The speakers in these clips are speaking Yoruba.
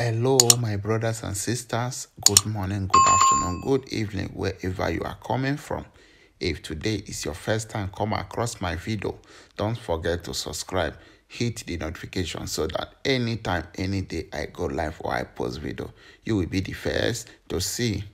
Hello, my brothers and sisters. Good morning, good afternoon, good evening, wherever you are coming from. If today is your first time come across my video, don't forget to subscribe. Hit the notification so that anytime, any day I go live or I post video, you will be the first to see.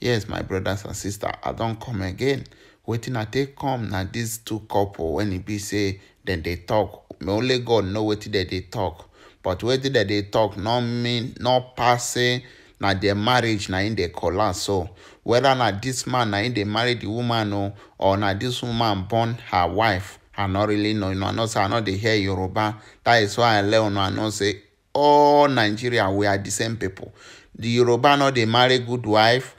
Yes, my brothers and sisters, I don't come again. Waiting I take come now these two couple when it be say then they talk. May only God know what they, they talk. but wetin dem dey talk no mean no pass say na their marriage na im dey collapse so whether na dis man na im dey marry the woman o oh, or na dis woman born her wife i no really know una know say i no dey hear yoruba that is why i let una know say all nigeria we are the same people the yoruba no dey marry good wife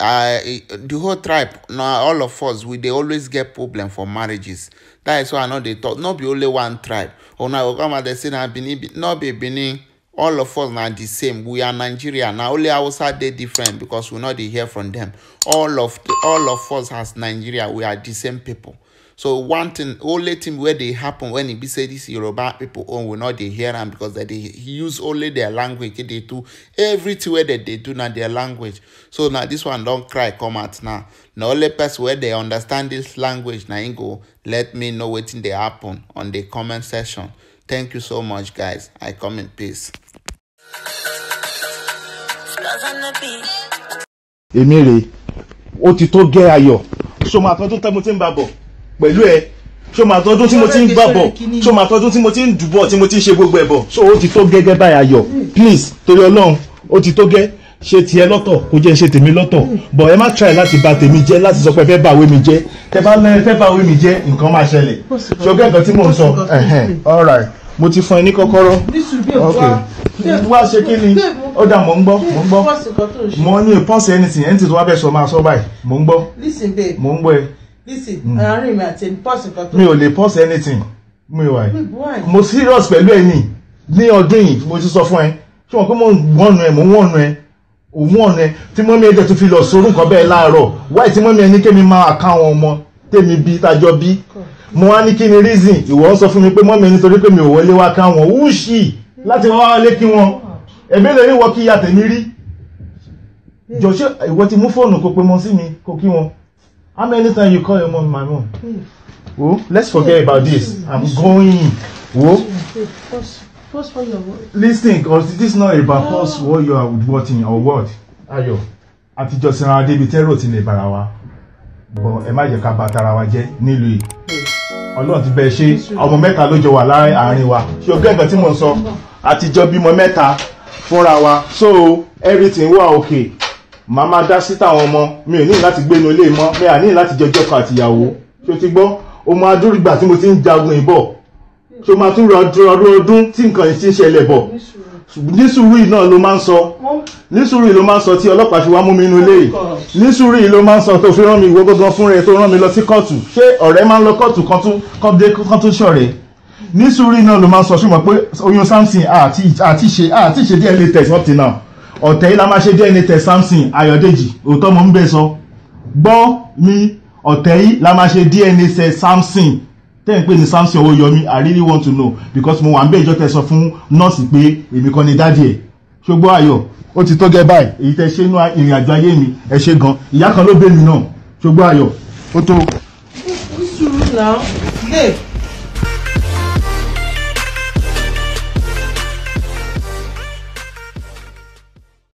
I, the whole tribe na all of us we they always get problem for marriages that is why i know they talk not be only one tribe Oh go come out dey say na benin not be benin all of us na the same we are nigeria na only hausa dey different because we no dey hear from dem all of the, all of us as nigeria we are the same people so one thing only thing wey dey happen when e be say this yoruba people own we no dey hear am because they dey use only their language dey do everything wey they dey do na their language so na this one don cry come out now na only person wey dey understand this language na im go let me know wetin dey happen on the comment section thank you so much guys i come in peace èmi rèé ó ti tó gẹ́ ayọ̀ ṣó máa tọ́jú tí mo ti ń bá bọ̀ pẹ̀lú ẹ ṣó máa tọ́jú tí mo ti ń bá bọ̀ ṣó máa tọ́jú tí mo ti ń dùbọ̀ tí mo ti ń ṣe gbogbo ẹ̀ bọ̀ ṣó ó ti tó gẹ́gẹ́ báyìí ayọ̀ please torí ọlọ́run ó ti tó gẹ́ ṣe tiẹ̀ lọ́tọ̀ kó jẹ́ ṣe tèmi lọ́tọ̀ bọ̀ ẹ má try láti bà tèmi jẹ́ láti sọ pé fẹ́ bà wé mi jẹ́ tẹ bá lẹ fẹ́ bà wé mi jẹ́ nǹkan máa ṣẹlẹ̀ ṣọgbẹ́ nǹkan tí mò ń sọ all right mo ti fún ẹ ní kọ́kọ́rọ́ okay wá ṣe kí ni ó dà mò ń gbọ́ mò ń gbọ́ mo ní pọ́ǹsì anything ẹni tí tó wá bẹ̀ sọ máa sọ báyìí mò ń gbọ́ mò ń gbọ́ ẹ. Hmm. mi ò lè pọ́ǹsì anything mi ò wà yìí mo serious pẹ̀lú ẹ ní ní ọdún yìí mo ti sọ fún ẹ tí wọn pé mo ń wọ̀nù ẹ mo ń wọ̀nù ẹ òun ọ̀nà ẹ tí mọ́mí ẹ dẹ̀ tún fi lọ sórú nǹkan bẹ́ẹ̀ láàárọ̀ wáyé tí mọ́mí ẹ ní kémi máa ká àwọn ọmọ tèmi bí tájọ bí mo wá ní kí ni reason ìwọ sọ fún mi pé mọ́mí ẹ nítorí pé mi ò wọlé wá ká àwọn wúṣì láti wá wálé kí wọn ẹ̀bí lè níwọ̀ kí ya tèmi rí jọ ṣé ìwọ ti mú fóònù kó pe mọ sí mi kó kí wọn how many times you call your mom my mom oh let's forget about this i'm going oh listen cause this is not about us what you are watching or what Ayo. àtijọ́ sinra débi tẹ́rò ti lè bára wa bọ̀ ẹ má jẹ́ ká bà tara wa jẹ́ nílùú yìí ọlọ́run ti bẹ́ẹ̀ ṣe ọmọ mẹ́ta ló jọ wà láàárín wa ṣé o gẹ́ nǹkan tí mò ń sọ àtijọ́ bímọ mẹ́ta fúnra wa so everything wà okay màá máa dá sí táwọn ọmọ mi ò ní láti gbé inú ilé mọ́ mi à ní láti jọjọ́ kan àtìyàwó ṣé o ti gbọ́ o máa dúró tí mo ti ń jagun ìbọ̀ ṣé máa tún rọdún ọdún tí nǹkan yìí ti ń ṣẹlẹ̀ bọ̀ nísùúrù yìí náà ló máa ń sọ nísùúrù yìí ló máa ń sọ tí ọlọ́pàá fi wá mú mi inú ilé yìí nísùúrù yìí ló máa ń sọ tó fi rán mi ìwé gbọ́ngàn fún rẹ tó rán mi lọ sí kóòtù ṣé ọ̀rẹ́ máa ń lọ kóòtù kan tó kán dé kán tó ṣọ̀rẹ́ nísùúrù yìí náà ló máa ń sọ ṣùgbọ́n pé oyún Samson àti àti ṣe àti ṣe DNA test up till now ọ̀tẹ̀ yìí la máa ṣe DNA test Samson Ayọ̀dèjì òótọ́ mo ń bẹ̀ sọ gbọ́ mi ọ̀tẹ̀ yìí la máa ṣe DNA test Samson tẹ́ ń pè ní Samson Owóyọmí I really want to know because mo wà ń bẹ́ẹ̀ ìjọ tẹ́ sọ fún nọ́ọ̀sì pé èmi kan ni dádì ẹ̀ ṣùgbọ́n ayọ̀ ó ti tó gẹ́ báyìí èyí tẹ́ ṣe inú ìrìn àjò ayé mi ẹ ṣe gan ìyá kan ló bẹ́ẹ̀ mi náà ṣùgbọ́n ayọ̀ ó tó. ó sùúrù náà